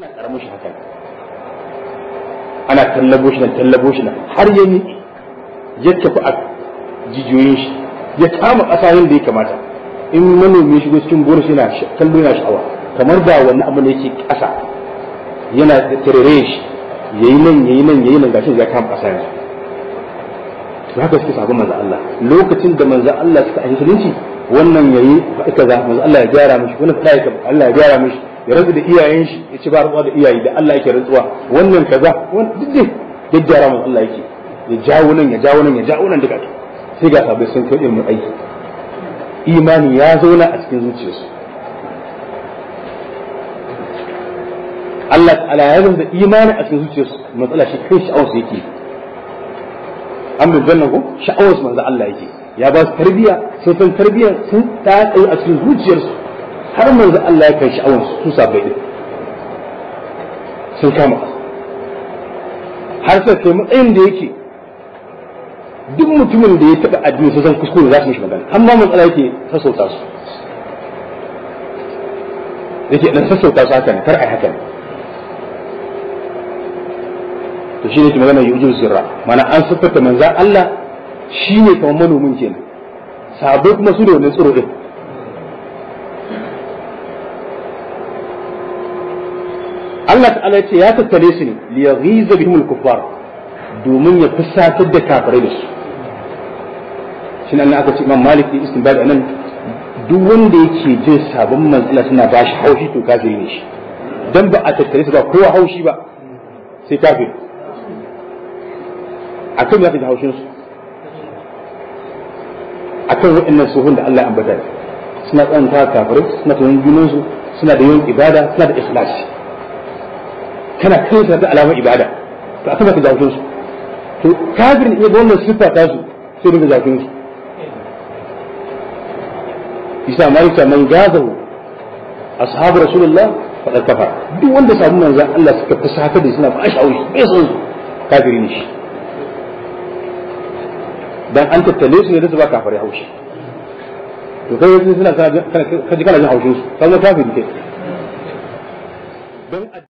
suna karamin shi haka ana tallabo shi nan tallabo shi nan har ya miƙe ya tafi a jijiyoyin shi ya kama ƙasa yadda ya kamata in manomi shigo cikin gona shi na kallo yana sha'awa kamar ba wani abu ne yake ƙasa yana tarere shi yayi nan yayi nan yayi nan gashi ya kama ƙasa yanzu to haka suke sabon manzo Allah lokacin da manzo Allah suka ayi musulunci wannan yayi za manzo Allah ya gyara mishi wannan kaza Allah ya gyara mishi ya rantsu da iyayen shi ya ci ba rantsuwa da iyaye da Allah yake rantsuwa wannan kaza duk dai jajjara mu Allah yake ya jawo nan ya jawo nan ya jawo nan duka sai ga sabai sun kai ilmin aiki imani ya zauna a cikin zuciyarsu Allah ta'ala ya zama da imani a cikin zuciyarsu matsala shi kai sha'awarsu yake an bin jannan ko sha'awarsu manzo Allah yake ya ba su tarbiyya sai san tarbiyyar sun ta tsaye a cikin zuciyarsu har manzo Allah ya kai sha'awar su bai din sun kama har sai kai matsayin da yake duk mutumin da ya taɓa addini sun san kuskure za su mishi magana amma matsala yake sassauta su yake dan sassauta su haka ne kar ai haka ne to shi ne magana ujiyar sirra mana an siffata manzan Allah shi ne kamar manomin kenan sabai kuma su ne wani tsoro ɗin Allah ta'ala ya ce ya tattare su ne li yaghiza bihim al-kuffar domin ya fusatar da kafirai da su shin annan aka ce Imam Malik ya istinbad anan duk wanda yake jin sabon manzila suna ba shi haushi to kafiri ne shi dan ba a tattare su ba kowa haushi ba sai kafiri akan ya fi haushin su akan waɗannan suhun da Allah ya ambata suna tsanta kafirai suna tunan su suna da yawan ibada suna da ikhlasi kana kanta ta alamar ibada to a sama ka zafin su to kafirin iya wannan siffa ta su sai daga zafin su isa malika man gazahu ashabu rasulullah faqad kafara duk wanda samu manzon Allah suka fasaka da suna ba sha'awi bai san su kafiri ne shi dan an tattale su ne da su ba kafare haushi to kai yanzu suna kana kana kana jin haushin su kaga kafiri kai